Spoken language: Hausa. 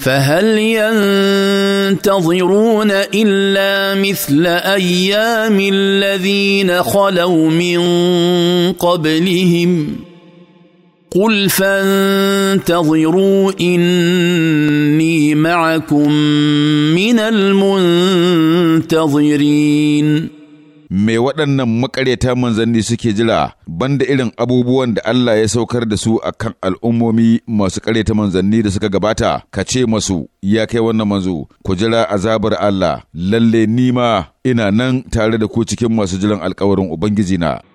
فهل ينتظرون الا مثل ايام الذين خلوا من قبلهم قل فانتظروا اني معكم من المنتظرين me waɗannan makareta manzanni suke jira banda irin abubuwan da Allah ya saukar da su a kan al'ummomi masu kareta manzanni da suka gabata, ka ce masu ya kai wannan manzo, ku jira azabar Allah, lalle nima ina nan tare da ku cikin masu jiran alkawarin na.